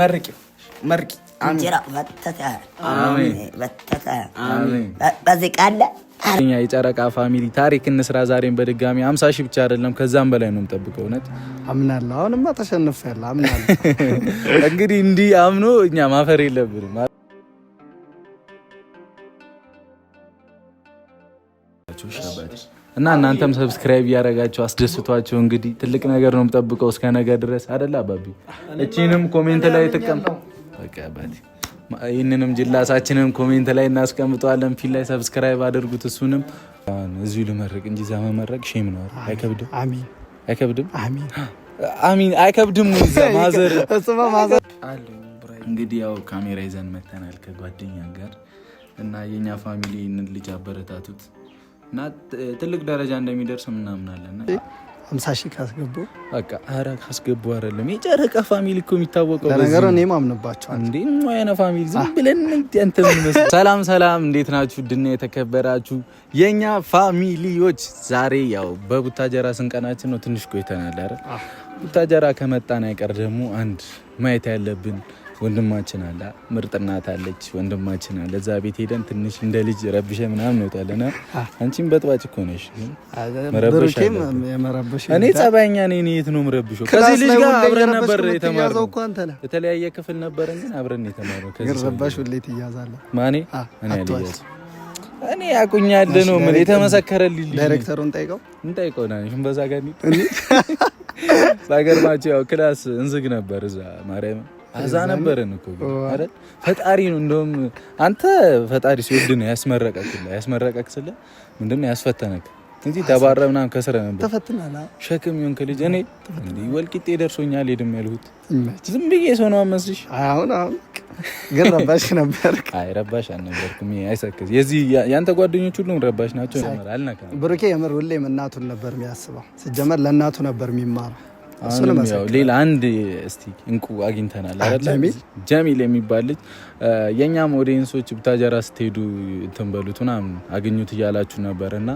መርቂ መርቂ እንጀራ በተተ በተተ በዚህ ቃለ እኛ የጨረቃ ፋሚሊ ታሪክ እንስራ። ዛሬን በድጋሚ አምሳ ሺህ ብቻ አይደለም ከዛም በላይ ነው የምጠብቀው። እውነት አምናለሁ። አሁንማ ተሸንፍ ያለ አምናለሁ። እንግዲህ እንዲህ አምኖ እኛ ማፈር የለብንም። እና እናንተም ሰብስክራይብ እያደረጋችሁ አስደስቷቸው። እንግዲህ ትልቅ ነገር ነው የምጠብቀው እስከ ነገ ድረስ አደለ አባቢ። እቺንም ኮሜንት ላይ ተቀምጠ ይህንንም ጅላሳችንን ኮሜንት ላይ እናስቀምጠዋለን። ፊት ላይ ሰብስክራይብ አድርጉት። እሱንም እዚሁ ልመርቅ እንጂ እዛ መመረቅ ሼም ነው። አይከብድም፣ አይከብድም፣ አሚን አይከብድም። እዛ ማዘር እንግዲህ ያው ካሜራ ይዘን መተናል ከጓደኛ ጋር እና የኛ ፋሚሊ ልጅ አበረታቱት። እና ትልቅ ደረጃ እንደሚደርስ ምናምናለን። ሀምሳ ሺህ ካስገቡ በቃ ኧረ ካስገቡ አይደለም የጨረቃ ፋሚሊ እኮ የሚታወቀው ነገሩ እኔ ማምንባቸዋል። እንዴ ሞያነ ፋሚሊ ዝም ብለን ንት መስል። ሰላም ሰላም፣ እንዴት ናችሁ? ድና የተከበራችሁ የእኛ ፋሚሊዎች ዛሬ ያው በቡታጀራ ስንቀናችን ነው። ትንሽ ቆይተናል። ቡታጀራ ከመጣን አይቀር ደግሞ አንድ ማየት ያለብን ወንድማችን አለ፣ ምርጥ እናት አለች፣ ወንድማችን አለ። እዛ ቤት ሄደን ትንሽ እንደ ልጅ ረብሸ ምናምን እንወጣለና አንቺም በጥባጭ እኮ ነሽ። እኔ ጸባይኛ ነኝ። የት ነው ምረብሸው? ከዚህ ልጅ ጋር አብረን ነበር የተማርነው። የተለያየ ክፍል ነበረን ግን አብረን የተማርነው። እኔ አልያዝ እኔ ያቁኛል ነው ምን የተመሰከረልኝ። ዳይሬክተሩን ጠይቀው እንጠይቀው ና ሽም በዛ ጋር ባገርማቸው ያው ክላስ እንዝግ ነበር እዛ ማርያም አዛ ነበረን እኮ አይደል? ፈጣሪ ነው እንደውም አንተ ፈጣሪ ሲወድ ነው ያስመረቀክልህ ያስመረቀክልህ ምንድን ነው ያስፈተነክ እንጂ ተባረ ምናምን ከስረ ነበር ተፈትናላ ሸክም ይሁን ከልጅ እኔ እንዲህ ወልቂጤ ደርሶኛል ሄድም ያልሁት ዝም ብዬ ሰው ነው አመስልሽ። አሁን አሁን ግን ረባሽ ነበር። አይ ረባሽ አልነበርኩም። አይሰክስ የዚህ ያንተ ጓደኞች ሁሉም ረባሽ ናቸው። አልነካ ብሩኬ የምር ሁሌም እናቱን ነበር የሚያስበው። ሲጀመር ለእናቱ ነበር የሚማረው ሌላ አንድ እስቲ እንቁ አግኝተናል ጀሚል የሚባል ልጅ የእኛም ኦዲየንሶች ብታጀራ ስትሄዱ እንትን በሉት ምናምን አግኙት እያላችሁ ነበር እና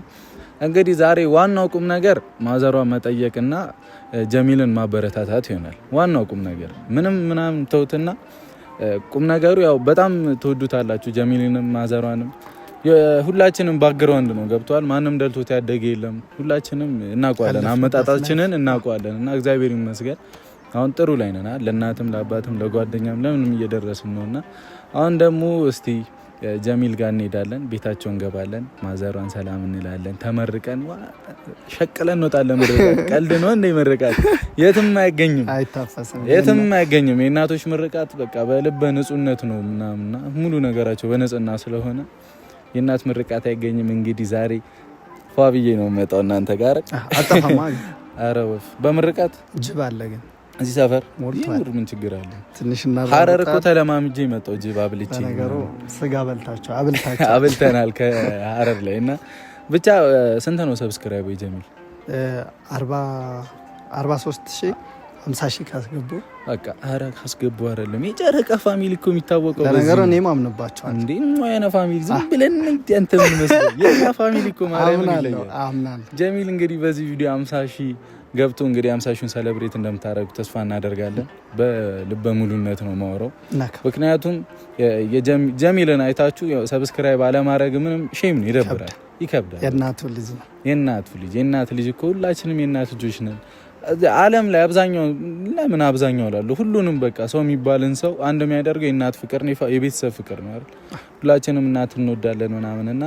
እንግዲህ ዛሬ ዋናው ቁም ነገር ማዘሯ መጠየቅና ጀሚልን ማበረታታት ይሆናል ዋናው ቁም ነገር ምንም ምናምን ተውትና ቁም ነገሩ ያው በጣም ትወዱታላችሁ ጀሚልንም ማዘሯንም ሁላችንም ባክግራውንድ ነው ገብቷል። ማንም ደልቶት ያደገ የለም። ሁላችንም እናውቀዋለን፣ አመጣጣችንን እናውቀዋለን። እና እግዚአብሔር ይመስገን አሁን ጥሩ ላይ ነን። ለእናትም ለአባትም ለጓደኛም ለምንም እየደረስን ነው እና አሁን ደግሞ እስቲ ጀሚል ጋር እንሄዳለን፣ ቤታቸው እንገባለን፣ ማዘሯን ሰላም እንላለን። ተመርቀን ሸቅለን እንወጣለን። ቀልድ ነው እንደ ምርቃት የትም አይገኝም፣ የትም አይገኝም። የእናቶች ምርቃት በቃ በልበ ንጹህነት ነው ምናምና ሙሉ ነገራቸው በንጽህና ስለሆነ የእናት ምርቃት አይገኝም። እንግዲህ ዛሬ ፏ ብዬ ነው መጣው እናንተ ጋር አረወፍ በምርቃት ጅብ አለ ግን እዚህ ሰፈር ይኑር ምን ችግር አለ? ሀረር እኮ ተለማምጄ መጣሁ። ጅብ አብልቼ ነገሩ ስጋ በልታቸው አብልተናል ከሀረር ላይ እና ብቻ ስንት ነው ሰብስክራይብ ጀሚል? አርባ ሶስት ሺህ ሀምሳ ሺህ ካስገቡ በቃ ኧረ ካስገቡ አይደለም የጨረቃ ፋሚሊ እኮ የሚታወቀው ለነገሩ እኔ ማምንባቸዋል እንዴ ሞያነ ፋሚሊ ዝም ብለን ንንተ ምን የኛ ፋሚሊ እኮ ማርያምን ጀሚል እንግዲህ በዚህ ቪዲዮ ሀምሳ ሺህ ገብቶ እንግዲህ ሀምሳ ሺውን ሰለብሬት እንደምታደረጉ ተስፋ እናደርጋለን። በልበ ሙሉነት ነው ማውረው። ምክንያቱም ጀሚልን አይታችሁ ሰብስክራይብ አለማድረግ ምንም ሼም ነው፣ ይደብራል፣ ይከብዳል። የእናቱ ልጅ የእናቱ ልጅ የእናት ልጅ እኮ ሁላችንም የእናት ልጆች ነን። ዓለም ላይ አብዛኛው ለምን አብዛኛው ላሉ ሁሉንም በቃ ሰው የሚባልን ሰው አንድ የሚያደርገው የእናት ፍቅር የቤተሰብ ፍቅር ነው አይደል? ሁላችንም እናት እንወዳለን ምናምን እና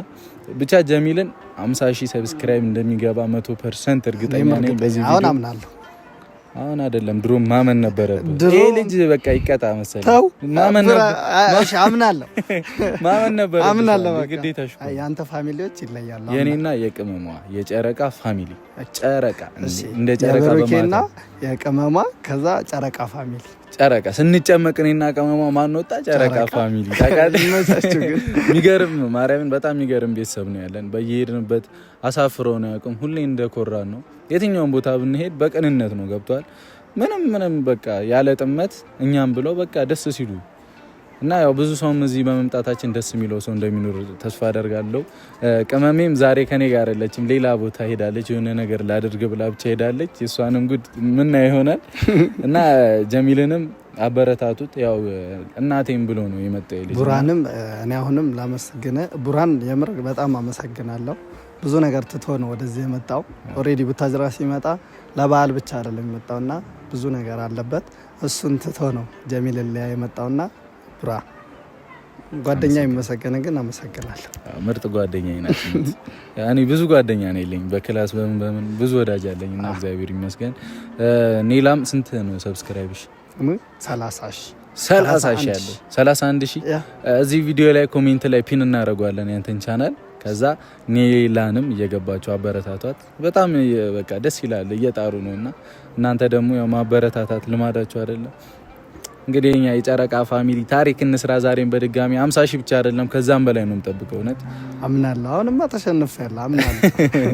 ብቻ ጀሚልን 50 ሺህ ሰብስክራይብ እንደሚገባ መቶ ፐርሰንት እርግጠኛ ነኝ። አሁን አይደለም ድሮ ማመን ነበረ። ይሄ ልጅ በቃ ይቀጣ መሰለኝ። ተው ማመን ነበረ አምናለሁ። በቃ ግዴታሽ የአንተ ፋሚሊዎች ይለያሉ። የኔና የቅመሟ የጨረቃ ፋሚሊ ጨረቃ እንደ ጨረቃ በማለትና የቅመሟ ከዛ ጨረቃ ፋሚሊ ጨረቃ ስንጨመቅ እኔና ቅመሟ ማን ወጣ ጨረቃ ፋሚሊ ታውቃለህ። የሚገርም ማርያምን በጣም የሚገርም ቤተሰብ ነው ያለን። በየሄድንበት አሳፍረው ነው ያውቁም። ሁሌ እንደኮራን ነው የትኛውን ቦታ ብንሄድ በቅንነት ነው። ገብቷል። ምንም ምንም በቃ ያለ ጥመት እኛም ብለው በቃ ደስ ሲሉ እና ያው ብዙ ሰውም እዚህ በመምጣታችን ደስ የሚለው ሰው እንደሚኖር ተስፋ አደርጋለሁ። ቅመሜም ዛሬ ከኔ ጋር አለችም፣ ሌላ ቦታ ሄዳለች። የሆነ ነገር ላድርግ ብላ ብቻ ሄዳለች። የእሷንም ጉድ ምና ይሆናል እና ጀሚልንም አበረታቱት። ያው እናቴም ብሎ ነው የመጣ ልጅ ቡራንም እኔ አሁንም ላመሰግነ ቡራን የምር በጣም አመሰግናለሁ። ብዙ ነገር ትቶ ነው ወደዚህ የመጣው። ኦልሬዲ ቡታጅራ ሲመጣ ለበዓል ብቻ አይደለም የመጣውና ብዙ ነገር አለበት። እሱን ትቶ ነው ጀሚል ሊያ የመጣውና ቡራ ጓደኛ ይመሰገን። ግን አመሰግናለሁ። ምርጥ ጓደኛ ናቸው። ብዙ ጓደኛ ነው የለኝ፣ በክላስ በምን በምን ብዙ ወዳጅ አለኝ እና እግዚአብሔር ይመስገን። ኔላም ስንት ነው ሰብስክራይብሽ? ሰላሳ ሺህ ሰላሳ ሰላሳ አንድ ሺ እዚህ ቪዲዮ ላይ ኮሜንት ላይ ፒን እናደርገዋለን ያንተን ቻናል ከዛ ኔላንም እየገባቸው አበረታቷት። በጣም በቃ ደስ ይላል። እየጣሩ ነው እና እናንተ ደግሞ ያው ማበረታታት ልማዳችሁ አይደለም። እንግዲህ እኛ የጨረቃ ፋሚሊ ታሪክ እንስራ። ዛሬም በድጋሚ አምሳ ሺህ ብቻ አይደለም ከዛም በላይ ነው የምጠብቀው። እውነት አምናለሁ። አሁንማ ተሸንፍ ያለ አምናለሁ።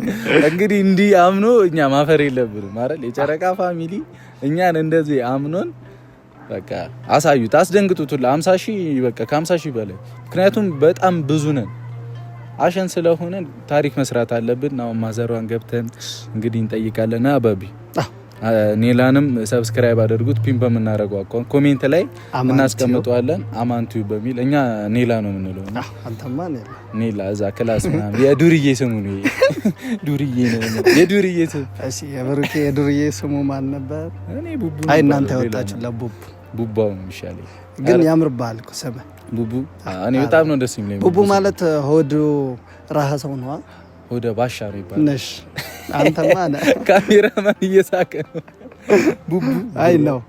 እንግዲህ እንዲህ አምኖ እኛ ማፈር የለብንም አይደል? የጨረቃ ፋሚሊ እኛን እንደዚህ አምኖን በቃ አሳዩት፣ አስደንግጡት። ሁላ አምሳ ሺህ በቃ ከአምሳ ሺህ በላይ ምክንያቱም በጣም ብዙ ነን። አሸን ስለሆነ ታሪክ መስራት አለብን። አሁን ማዘሯን ገብተን እንግዲህ እንጠይቃለን። አበቢ ኔላንም ሰብስክራይብ አድርጉት። ፒን በምናደርገው አካውንት ኮሜንት ላይ እናስቀምጠዋለን። አማንቱ በሚል እኛ ኔላ ነው የምንለው። ኔላ እዛ ክላስ የዱርዬ ስሙ ነው። ዱርዬ ነው የዱርዬ ስሙ። እሺ የብሩኬ የዱርዬ ስሙ ማን ነበር? እኔ ቡቡ። አይ እናንተ ያወጣችሁ ለቡቡ ቡባው ነው የሚሻለኝ ግን ያምርብሃል። ሰበ ቡቡ እኔ በጣም ነው ደስ የሚለኝ። ቡቡ ማለት ሆድ ራሃ ሰው ነዋ። ሆደ ባሻ ነው ይባላል። ነሽ አንተማ ካሜራማን እየሳቀ ነው። ቡቡ አይ ነው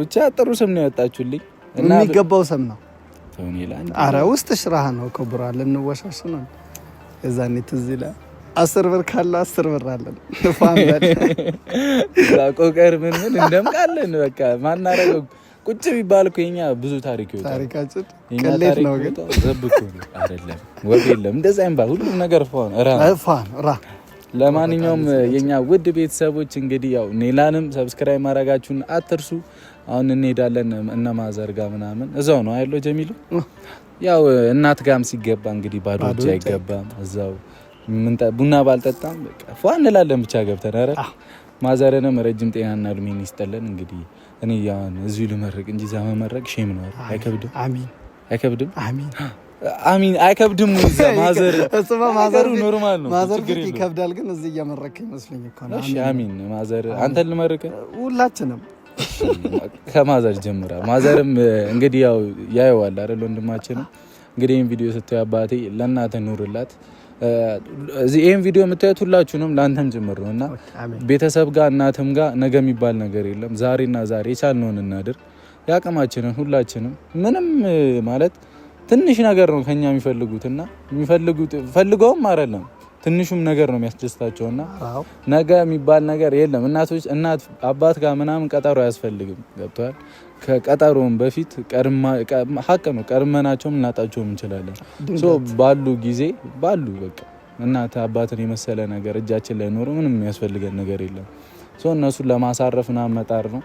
ብቻ ጥሩ ስም ነው ያወጣችሁልኝ። የሚገባው ስም ነው። አረ ውስጥሽ ራሃ ነው። ከቡራል ልንወሻሽ ነው። እዛኔ ትዝ ይላል። አስር ብር ካለ አስር ብር አለን ፋን ቆቀር ምን ምን እንደምቃለን። በቃ ማናረገው ቁጭ ቢባል እኮ የኛ ብዙ ታሪክ ይወጣል። ሁሉም ነገር ለማንኛውም የኛ ውድ ቤተሰቦች እንግዲህ ያው ኔላንም ሰብስክራይብ ማድረጋችሁን አትርሱ። አሁን እንሄዳለን እነ ማዘርጋ ምናምን እዛው ነው አይሎ ጀሚሉ። ያው እናት ጋም ሲገባ እንግዲህ ባዶ እጅ አይገባም። እዛው ቡና ባልጠጣም ፏ እንላለን ብቻ ገብተን ረ ማዘርንም ረጅም ጤናና እድሜን ይስጠለን እንግዲህ እኔ ያን እዚሁ ልመረቅ እንጂ እዛ መመረቅ ሼም ነው። አይከብድም። አሚን። አይከብድም። አሚን አሚን አይከብድም። ማዘር ማዘሩ ኖርማል ነው። ማዘር ግን ይከብዳል፣ ግን እዚህ እያመረከ ይመስለኝ እኮ ነው። እሺ አሚን ማዘር፣ አንተን ልመርቅ ሁላችንም ከማዘር ጀምራ። ማዘርም እንግዲህ ያው ያየዋል አይደል ወንድማችንም። እንግዲህ ይህን ቪዲዮ ስታዩ አባቴ ለእናተ ኑርላት ይህን ቪዲዮ የምታዩት ሁላችሁንም ለአንተም ጭምር ነው እና ቤተሰብ ጋር እናትም ጋር ነገ የሚባል ነገር የለም። ዛሬና ዛሬ የቻልነውን እናድርግ። የአቅማችንን ሁላችንም ምንም ማለት ትንሽ ነገር ነው ከኛ የሚፈልጉት እና የሚፈልጉት ፈልገውም አይደለም ትንሹም ነገር ነው የሚያስደስታቸው እና ነገ የሚባል ነገር የለም። እናቶች እናት አባት ጋር ምናምን ቀጠሮ አያስፈልግም። ገብተዋል ከቀጠሮም በፊት ሀቅ ነው ቀድመናቸውም እናጣቸውም እንችላለን። ባሉ ጊዜ ባሉ በቃ እናት አባትን የመሰለ ነገር እጃችን ላይ ኖሮ ምንም የሚያስፈልገን ነገር የለም። እነሱን ለማሳረፍ ና መጣር ነው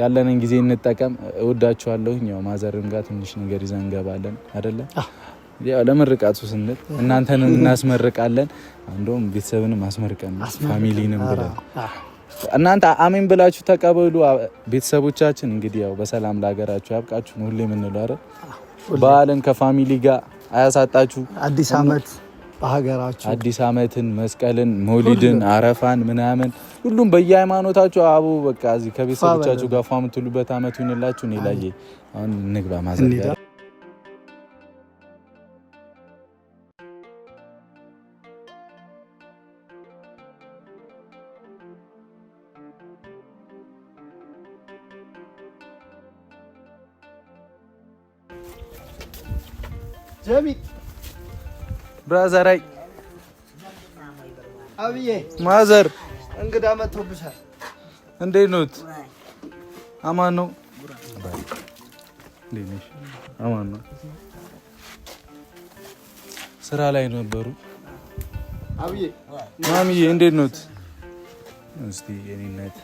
ያለንን ጊዜ እንጠቀም። እወዳችኋለሁ። ያው ማዘርም ጋር ትንሽ ነገር ይዘን እንገባለን አደለ? ያው ለምርቃቱ ስንል እናንተንም እናስመርቃለን። እንደውም ቤተሰብንም አስመርቀን ፋሚሊንም ብለን እናንተ አሜን ብላችሁ ተቀበሉ። ቤተሰቦቻችን እንግዲህ ያው በሰላም ለሀገራችሁ ያብቃችሁ ነው ሁሌ የምንለው አይደል። በዓልን ከፋሚሊ ጋር አያሳጣችሁ። አዲስ አመት በሀገራችሁ አዲስ አመትን፣ መስቀልን፣ መውሊድን፣ አረፋን ምናምን ሁሉም በየሃይማኖታችሁ አቡ በቃ እዚህ ከቤተሰቦቻችሁ ጋር ፏ የምትሉበት አመት ይሁንላችሁ። ኔ ላየ አሁን ንግባ ማዘጋ ብራዘር አይ አብዬ ማዘር እንግዳ መጥቶብሻል። እንዴት ኖት? አማን ነው አማን ነው። ስራ ላይ ነበሩ። አብዬ ማሚዬ እንዴት ኖት? እስቲ የኔነት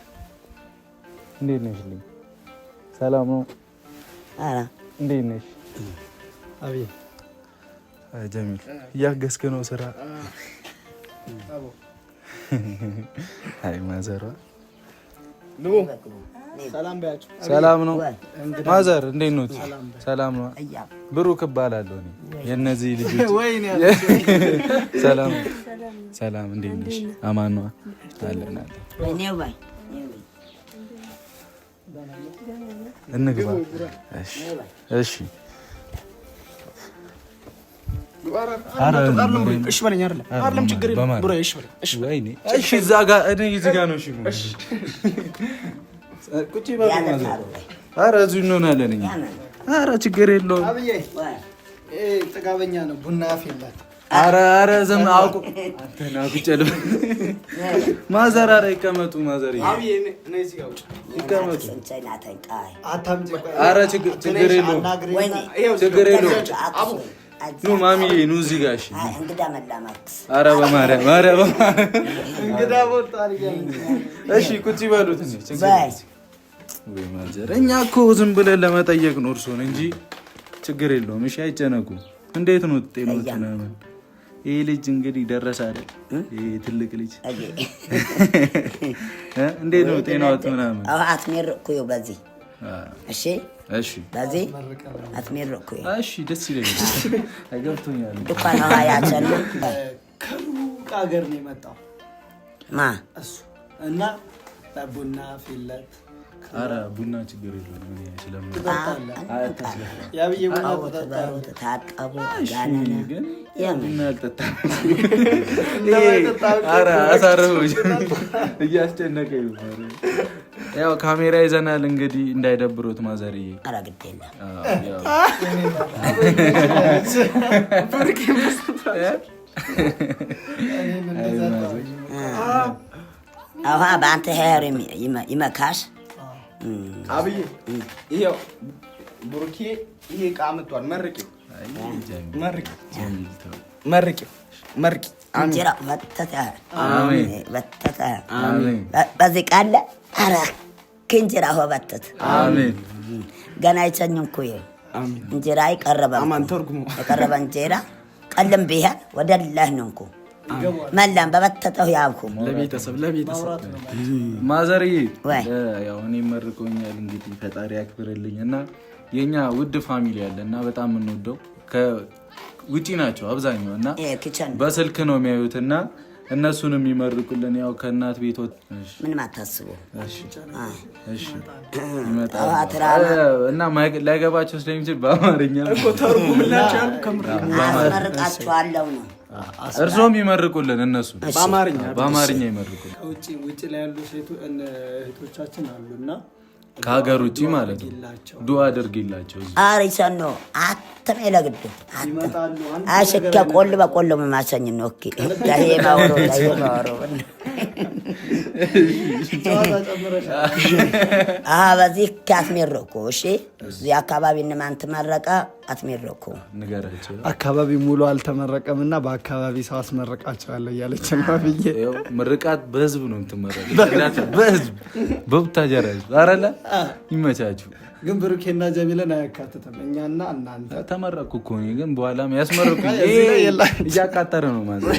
እንዴት ነሽ? ሰላም ነው። እንዴት ነሽ? አብዬ ጀሚል እያገዝክ ነው ስራ። አይ ማዘሯ ሰላም ነው ማዘር፣ እንዴት ነው? ሰላም ነው። ብሩክ እባላለሁ እኔ የእነዚህ ልጆች። ሰላም ሰላም፣ እንዴት ነሽ? አማን ነዋ። አለን አለን። እንግባ። እሺ እሺ በለኝ አይደለ? አይደለም ችግር የለም ብሮ እሺ በለኝ። እሺ ወይኔ እሺ፣ እዛ ጋር እኔ እዚህ ጋር ነው። እሺ ቁጭ በል ማለት ነው። ኧረ እዚሁ እንሆናለን እኛ። ኧረ ችግር የለውም። ጥጋበኛ ነው፣ ቡና አፍ የላት። ኧረ ኧረ ዘም አውቁ ተናግጨልም። ማዘር ኧረ ይቀመጡ፣ ማዘር ይቀመጡ። ኧረ ችግር የለውም፣ ችግር የለውም ኑ ማሚ ኑ እዚህ ጋር እሺ። እንግዳ መላማት ኧረ በማርያም ኧረ በማርያም እንግዳ ቦታ እሺ፣ ቁጭ በሉት። እኛ እኮ ዝም ብለን ለመጠየቅ ነው እርሶን እንጂ ችግር የለውም። እሺ፣ አይጨነቁ። እንዴት ነው ጤኖት ምናምን? ይህ ልጅ እንግዲህ ደረሰ አይደል? ይህ ትልቅ ልጅ እንዴት ነው ጤናዎት ምናምን? አዎ አትሜር እኮ በዚህ እሺ በዚ አትሜረኩ ደስ ይለኛል። ገብቶኛል። ድኳን ውሃ ያጨልም ከሩቅ ሀገር ነው የመጣው ማ እሱ እና ቡና ፊለት ኧረ ቡና ችግር የለውም። ታጠቡ እያስጨነቀ ያው ካሜራ ይዘናል እንግዲህ እንዳይደብሩት ማዘርዬ። ኧረ ግድ የለም አሁን በአንተ ሄር ይመካሽ። አብዬ ይኸው ብሩኬ ይሄ ዕቃ መጥቷል። መርቂ መርቂ መርቂ መርቂ በዚህ ቃለ ኧረ ከእንጀራ ሆበትት ገና አይቸኝም እኮ እንጀራ አይቀረበም የቀረበ እንጀራ ቀልም ቢሄድ ወደ አላህ ነው እንኩ መላም በበተጠው ያብኩ ለቤተሰብ ለቤተሰብ ማዘርዬ ያው እኔ መርቆኛል። እንግዲህ ፈጣሪ ያክብርልኝ እና የእኛ ውድ ፋሚሊ ያለ እና በጣም የምንወደው ውጪ ናቸው አብዛኛው እና በስልክ ነው የሚያዩት እና እነሱን የሚመርቁልን ያው ከእናት ቤት ምንም አታስቡ እና ላይገባቸው ስለሚችል በአማርኛ አስመርቃችኋለሁ ነው። እርሶም ይመርቁልን፣ እነሱ በአማርኛ ይመርቁልን። ውጭ ላይ ያሉ እህቶቻችን አሉ እና ከሀገር ውጭ ማለት ነው። ዱዓ አድርግላቸው። አሪሰን ነው አትም ለግድ አሽከ ቆል በቆሎ መማሰኝ ነው እ ማውሮ ማውሮ በዚህ ካስሜሮ እኮ እሺ እዚህ አካባቢ እንማን ትመረቀ አትመረቁ አካባቢ ሙሉ አልተመረቀም እና በአካባቢ ሰው አስመረቃቸዋለሁ እያለች ነው ብዬ ምርቃት በህዝብ ነው ምትመረበህዝብ በህዝብ በቡታጀራ ህዝብ አረለ ይመቻችሁ። ግን ብሩኬና ጀሚለን አያካትትም። እኛና እናንተ ተመረቅኩ እኮ ግን በኋላ ያስመረቁ እያቃጠረ ነው ማለት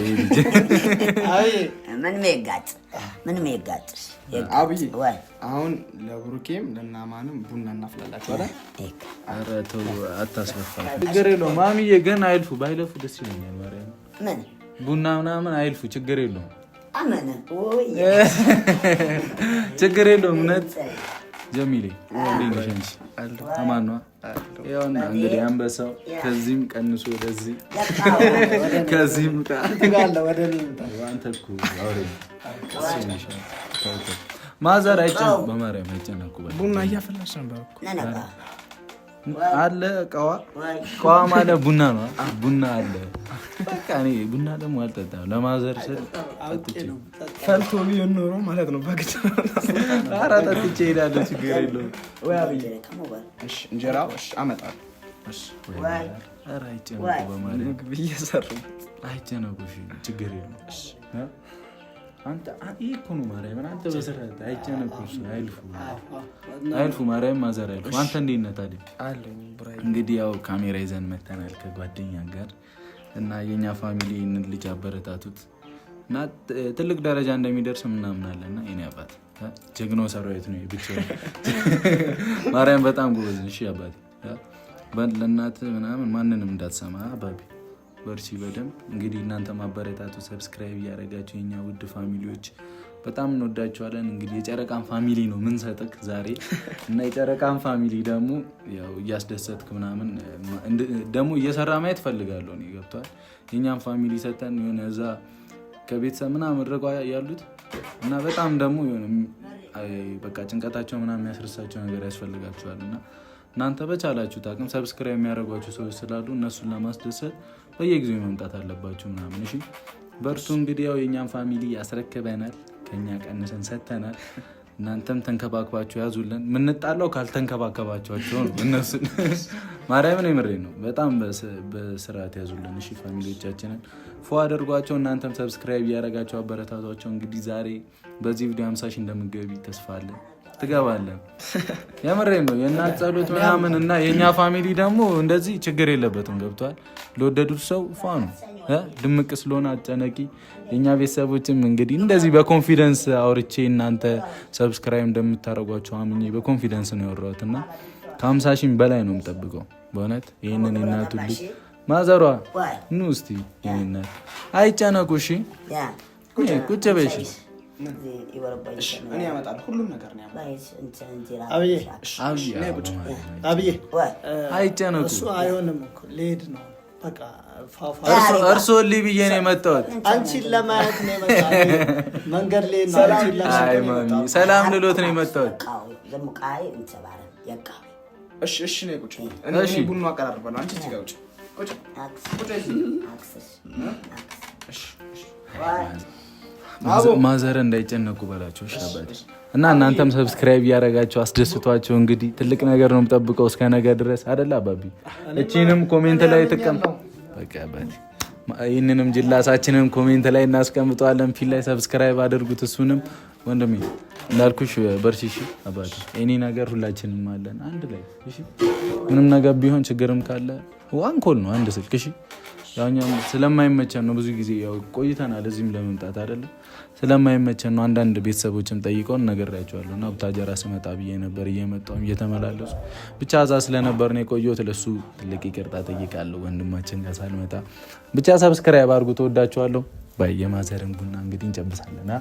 ምን ሜጋጭ ምንም ይጋጥስ አብይ አሁን ለብሩኬም ለናማንም ቡና እናፍላላቸው። ኧረ ተው ችግር የለውም ማሚዬ፣ ግን አይልፉ ባይለፉ ደስ ይለኛል። ምን ቡና ምናምን አይልፉ፣ ችግር የለውም ችግር የለውም እውነት ጀሚሌ እንዴት ነሽ? አንቺ እንግዲህ አንበሳው ከዚህም ቀንሶ ወደዚህ ከዚህም አንተ እኮ አውሬ ማዘር አይጨነቁ፣ በማርያም አይጨነቁ። ቡና እያፈላሽ ነበር አለ ቀዋ ቀዋ ማለት ቡና ነው። ቡና አለ በቃ እኔ ቡና ደግሞ አልጠጣም። ለማዘር ስል ፈልቶ ቢሆን ኖሮ ማለት ነው። በግ ኧረ ጠጥቼ እሄዳለሁ። ችግር የለውም። እንጀራ አመጣለሁ። ኧረ አይጨነቁ በማለት ምግብ እየሰሩ አይጨነቁ። ችግር የለውም አንተ ይህ እኮ ነው ማርያምን፣ አንተ በስርዓት አይጨነቁሽ፣ አይልፉ አይልፉ፣ ማርያም ማዘር አይልፉ። አንተ እንዴት ነህ ታዲያ? እንግዲህ ያው ካሜራ ይዘን መተናል ከጓደኛ ጋር እና የኛ ፋሚሊ ይህንን ልጅ አበረታቱት እና ትልቅ ደረጃ እንደሚደርስ ምናምናለን እና የእኔ አባት ጀግኖ ሰራዊት ነው ብቻ። ማርያም በጣም ጎበዝ። እሺ አባቴ በለናት ምናምን ማንንም እንዳትሰማ አባቢ በርሲ በደንብ እንግዲህ እናንተ ማበረታቱ ሰብስክራይብ እያደረጋችሁ የኛ ውድ ፋሚሊዎች በጣም እንወዳችኋለን። እንግዲህ የጨረቃን ፋሚሊ ነው ምን ሰጥክ ዛሬ እና የጨረቃን ፋሚሊ ደግሞ ያው እያስደሰትክ ምናምን ደግሞ እየሰራ ማየት ፈልጋለሁ እኔ ገብቷል። የእኛም ፋሚሊ ሰጠን የሆነ እዛ ከቤተሰብ ምናምን ርቆ ያሉት እና በጣም ደግሞ በቃ ጭንቀታቸው ምናምን የሚያስረሳቸው ነገር ያስፈልጋቸዋል እና እናንተ በቻላችሁት አቅም ሰብስክራይብ የሚያደርጓቸው ሰዎች ስላሉ እነሱን ለማስደሰት በየጊዜው መምጣት አለባችሁ ምናምን። እሺ በእርሱ እንግዲህ ያው የእኛን ፋሚሊ ያስረክበናል፣ ከኛ ቀንሰን ሰጥተናል። እናንተም ተንከባክባቸው ያዙልን። ምንጣላው ካልተንከባከባችኋቸው ነው። እነሱን ማርያምን የምሬ ነው። በጣም በስርዓት ያዙልን እሺ ፋሚሊዎቻችንን ፎ አድርጓቸው። እናንተም ሰብስክራይብ እያደረጋቸው አበረታቷቸው። እንግዲህ ዛሬ በዚህ ቪዲዮ ሀምሳ ሺህ እንደምገቢ ተስፋ አለን። ትገባለህ። የምሬን ነው። የእናት ጸሎት ምናምን እና የእኛ ፋሚሊ ደግሞ እንደዚህ ችግር የለበትም። ገብቷል። ለወደዱት ሰው ፋ ነው። ድምቅ ስለሆነ አጨነቂ። የእኛ ቤተሰቦችም እንግዲህ እንደዚህ በኮንፊደንስ አውርቼ እናንተ ሰብስክራይብ እንደምታደርጓቸው አምኜ በኮንፊደንስ ነው የወረት እና ከሀምሳ ሺህ በላይ ነው የምጠብቀው በእውነት ይህንን የእናቱ ልጅ ማዘሯ ኑ እስቲ ይህንን አይጨነቁ። እሺ ቁጭ በይ። እኔ ያመጣል ሁሉም ነገር ነው። አብዬ አይጨነቁ፣ እሱ አይሆንም እኮ ልሄድ ነው በቃ። እርሶ ብዬ ነው የመጣሁት። አንቺን ለማየት ነው የመጣሁት። መንገድ ሰላም ልሎት ነው የመጣሁት። እሺ ቡና አቀራርባለሁ። አንቺ እዚህ ጋር ቁጭ ቁጭ ማዘረ እንዳይጨነቁ በላቸው ሻባት እና እናንተም ሰብስክራይብ እያደረጋቸው አስደስቷቸው። እንግዲህ ትልቅ ነገር ነው ጠብቀው እስከ ነገ ድረስ አደላ አባቢ። እቺንም ኮሜንት ላይ ጥቀም ይህንንም ጅላሳችንን ኮሜንት ላይ እናስቀምጠዋለን። ፊት ላይ ሰብስክራይብ አድርጉት። እሱንም ወንድሜ እንዳልኩሽ በርሺሽ አባቴ እኔ ነገር ሁላችንም አለን አንድ ላይ ምንም ነገር ቢሆን ችግርም ካለ ዋንኮል ነው አንድ ስልክ እሺ ያኛም ስለማይመቸን ነው ብዙ ጊዜ ያው ቆይተናል እዚህም ለመምጣት አይደለም ስለማይመቸን ነው። አንዳንድ ቤተሰቦችም ጠይቀውን ነግሬያቸዋለሁ እና ቡታጀራ ስመጣ ብዬ ነበር እየመጣሁም እየተመላለሱ ብቻ እዛ ስለነበር ነው የቆየሁት። ለሱ ትልቅ ይቅርታ ጠይቃለሁ ወንድማችን ጋር ሳልመጣ። ብቻ ሰብስክራይብ አድርጉ። ተወዳችኋለሁ። የማዘርን ቡና እንግዲህ እንጨብሳለና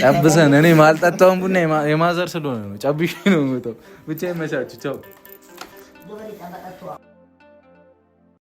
ጨብሰን እኔ ማልጠጣውን ቡና የማዘር ስለሆነ ነው ጨብሽ ነው ብቻ ይመቻችሁ። ቻው